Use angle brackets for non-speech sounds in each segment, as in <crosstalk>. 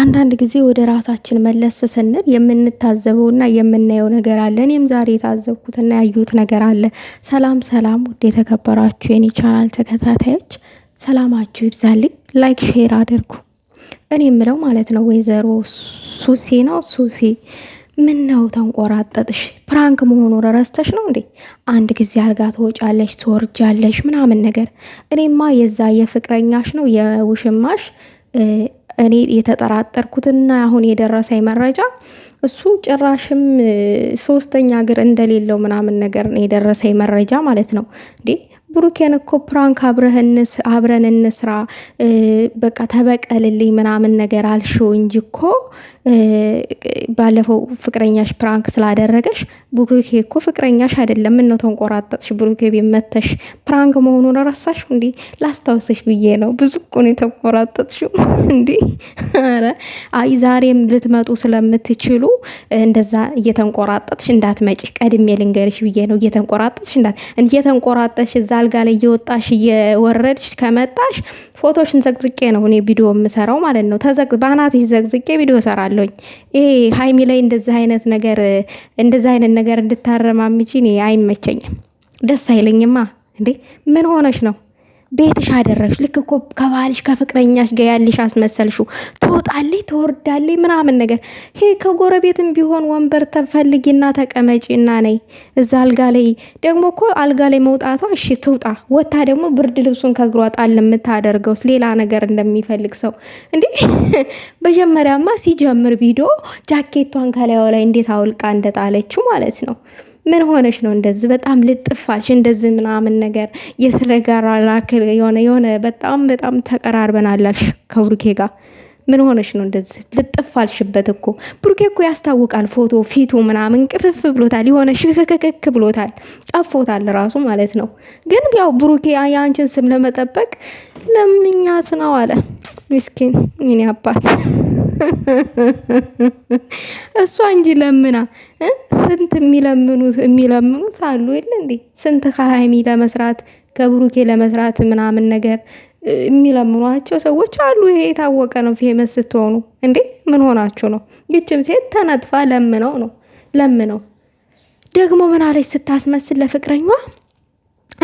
አንዳንድ ጊዜ ወደ ራሳችን መለስ ስንል የምንታዘበውና የምናየው ነገር አለ። እኔም ዛሬ የታዘብኩትና ያዩት ነገር አለ። ሰላም ሰላም፣ ውድ የተከበራችሁ የኔ ቻናል ተከታታዮች ሰላማችሁ ይብዛልኝ። ላይክ ሼር አድርጉ። እኔ የምለው ማለት ነው ወይዘሮ ሱሴ ነው ሱሴ ምን ነው ተንቆራጠጥሽ? ፕራንክ መሆኑ ረስተሽ ነው እንዴ? አንድ ጊዜ አልጋ ትወጫለሽ ትወርጃለሽ ምናምን ነገር። እኔማ የዛ የፍቅረኛሽ ነው የውሽማሽ እኔ የተጠራጠርኩትና አሁን የደረሰኝ መረጃ እሱ ጭራሽም ሶስተኛ እግር እንደሌለው ምናምን ነገር የደረሰኝ መረጃ ማለት ነው እንዴ ብሩኬን እኮ ፕራንክ አብረን እንስራ በቃ ተበቀልልኝ ምናምን ነገር አልሽው እንጂ እኮ ባለፈው ፍቅረኛሽ ፕራንክ ስላደረገሽ ብሩኬ እኮ ፍቅረኛሽ አይደለም፣ ምነው ተንቆራጠጥሽ? ብሩኬ ቤት መተሽ ፕራንክ መሆኑን ረሳሽ? እንዲ ላስታውሰሽ ብዬ ነው። ብዙ እኮ ነው የተንቆራጠጥሽው። <laughs> እንዲ ኧረ አይ ዛሬም ልትመጡ ስለምትችሉ እንደዛ እየተንቆራጠጥሽ እንዳትመጪ ቀድሜ ልንገርሽ ብዬ ነው። እየተንቆራጠጥሽ እንዳት እየተንቆራጠጥሽ እዛ አልጋ ላይ እየወጣሽ እየወረድሽ ከመጣሽ ፎቶሽን ዘቅዝቄ ነው እኔ ቪዲዮ የምሰራው ማለት ነው። ተዘቅ ባናትሽ ዘቅዝቄ ቪዲዮ ሰራለሁኝ ይሄ በሀይሚ ላይ እንደዚህ አይነት ነገር እንደዚህ አይነት ነገር እንድታረማምጪ እኔ አይመቸኝም፣ ደስ አይለኝማ። እንዴ ምን ሆነሽ ነው? ቤትሽ አደረግሽ። ልክ እኮ ከባልሽ ከፍቅረኛሽ ጋ ያለሽ አስመሰልሹ። ትወጣለች፣ ትወርዳለች ምናምን ነገር። ሄ ከጎረቤትም ቢሆን ወንበር ተፈልጊና ተቀመጪና ነይ እዛ አልጋ ላይ ደግሞ እኮ አልጋ ላይ መውጣቷ እሺ፣ ትውጣ። ወታ ደግሞ ብርድ ልብሱን ከግሯ ጣል የምታደርገው ሌላ ነገር እንደሚፈልግ ሰው እንዴ! <laughs> መጀመሪያማ ሲጀምር ቪዲዮ ጃኬቷን ከላዩ ላይ እንዴት አውልቃ እንደጣለችው ማለት ነው። ምን ሆነሽ ነው እንደዚህ በጣም ልጥፋልሽ እንደዚህ ምናምን ነገር የስለ ጋራ ላክል የሆነ የሆነ በጣም በጣም ተቀራርበናላሽ ከብሩኬ ጋር ምን ሆነሽ ነው እንደዚህ ልጥፋልሽበት? እኮ ብሩኬ እኮ ያስታውቃል። ፎቶ ፊቱ ምናምን ቅፍፍ ብሎታል፣ የሆነ ሽክክክክ ብሎታል፣ ጠፎታል ራሱ ማለት ነው። ግን ያው ብሩኬ የአንችን ስም ለመጠበቅ ለምኛት ነው አለ። ምስኪን ምን አባት <laughs> እሷ እንጂ ለምና ስንት የሚለምኑት የሚለምኑት አሉ የለ እንዴ? ስንት ከሀይሚ ለመስራት ከብሩኬ ለመስራት ምናምን ነገር የሚለምኗቸው ሰዎች አሉ። ይሄ የታወቀ ነው። ፌመስ ስትሆኑ እንዴ ምን ሆናችሁ ነው? ይችም ሴት ተነጥፋ ለምነው ነው ለምነው ደግሞ ምን አለች ስታስመስል ለፍቅረኛዋ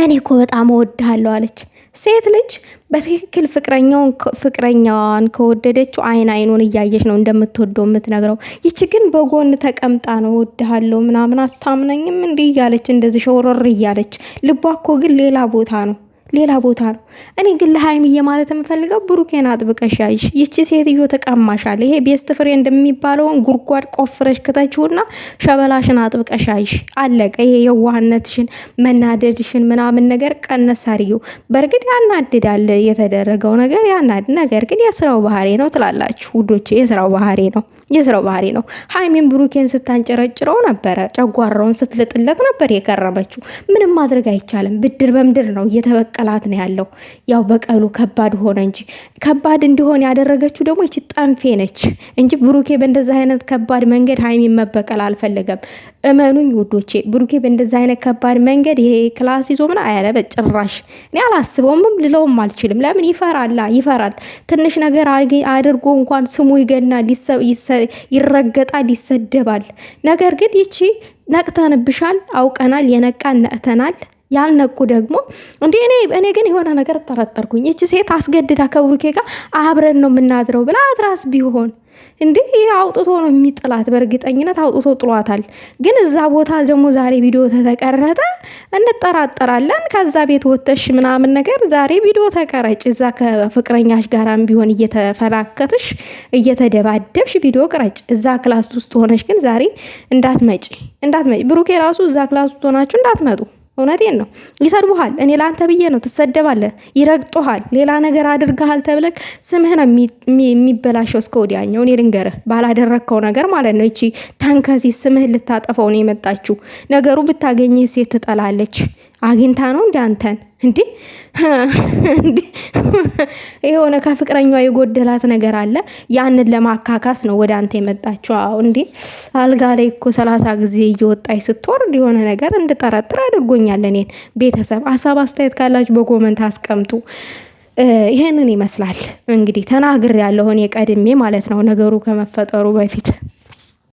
እኔ እኮ በጣም እወድሃለሁ አለች። ሴት ልጅ በትክክል ፍቅረኛውን ፍቅረኛዋን ከወደደችው አይን አይኑን እያየች ነው እንደምትወደው የምትነግረው። ይቺ ግን በጎን ተቀምጣ ነው እወድሃለሁ ምናምን አታምነኝም እንዲህ እያለች እንደዚህ ሸውረር እያለች ልቧ እኮ ግን ሌላ ቦታ ነው። ሌላ ቦታ ነው። እኔ ግን ለሀይምዬ ማለት የምፈልገው ብሩኬን አጥብቀሽ ያይሽ። ይቺ ሴትዮ ተቀማሻል። ይሄ ቤስት ፍሬ እንደሚባለውን ጉድጓድ ቆፍረሽ ክተችውና ሸበላሽን አጥብቀሽ ያይሽ። አለቀ። ይሄ የዋህነትሽን መናደድሽን ምናምን ነገር ቀነስ አድርጊው። በእርግጥ ያናድዳል የተደረገው ነገር ያናድ ነገር ግን የስራው ባህሬ ነው ትላላችሁ ውዶች፣ የስራው ባህሬ ነው። የስራው ባህሪ ነው። ሀይሚን ብሩኬን ስታንጨረጭረው ነበረ፣ ጨጓራውን ስትልጥለት ነበር የቀረበችው። ምንም ማድረግ አይቻልም። ብድር በምድር ነው እየተበቀላት ነው ያለው። ያው በቀሉ ከባድ ሆነ እንጂ ከባድ እንዲሆን ያደረገችው ደግሞ ይች ጠንፌ ነች እንጂ ብሩኬ በእንደዛ አይነት ከባድ መንገድ ሀይሜን መበቀል አልፈለገም። እመኑኝ ውዶቼ፣ ብሩኬ በእንደዛ አይነት ከባድ መንገድ ይሄ ክላስ ይዞ ምን አያለበ ጭራሽ እኔ አላስበውምም ልለውም አልችልም። ለምን ይፈራላ፣ ይፈራል። ትንሽ ነገር አድርጎ እንኳን ስሙ ይገናል ይረገጣል፣ ይሰደባል። ነገር ግን ይቺ ነቅተንብሻል፣ አውቀናል፣ የነቃን ነቅተናል ያልነቁ ደግሞ እንደ እኔ እኔ ግን የሆነ ነገር ጠረጠርኩኝ። ይቺ ሴት አስገድዳ ከብሩኬ ጋር አብረን ነው የምናድረው ብላ አድራስ ቢሆን እንዴ ይህ አውጥቶ ነው የሚጥላት። በእርግጠኝነት አውጥቶ ጥሏታል። ግን እዛ ቦታ ደግሞ ዛሬ ቪዲዮ ተተቀረጠ እንጠራጠራለን። ከዛ ቤት ወተሽ ምናምን ነገር ዛሬ ቪዲዮ ተቀረጭ፣ እዛ ከፍቅረኛሽ ጋራም ቢሆን እየተፈላከትሽ እየተደባደብሽ ቪዲዮ ቅረጭ። እዛ ክላስ ውስጥ ሆነሽ ግን ዛሬ እንዳትመጪ እንዳትመጪ። ብሩኬ ራሱ እዛ ክላስ ውስጥ ሆናችሁ እንዳትመጡ እውነቴን ነው። ይሰድቡሃል። እኔ ለአንተ ብዬ ነው። ትሰደባለህ፣ ይረግጡሃል፣ ሌላ ነገር አድርገሃል ተብለህ ስምህ ነው የሚበላሸው እስከ ወዲያኛው። እኔ ልንገርህ ባላደረግከው ነገር ማለት ነው። ይቺ ታንከሲ ስምህን ልታጠፈው ነው የመጣችው። ነገሩ ብታገኝህ ሴት ትጠላለች። አግኝታ ነው እንደ አንተን እንዴ የሆነ ከፍቅረኛዋ የጎደላት ነገር አለ። ያንን ለማካካስ ነው ወደ አንተ የመጣችው። አዎ እንዴ አልጋ ላይ እኮ ሰላሳ ጊዜ እየወጣች ስትወርድ የሆነ ነገር እንድጠረጥር አድርጎኛል። እኔን ቤተሰብ ሀሳብ አስተያየት ካላችሁ በኮመንት አስቀምጡ። ይህንን ይመስላል እንግዲህ ተናግሬ ያለሁን የቀድሜ ማለት ነው ነገሩ ከመፈጠሩ በፊት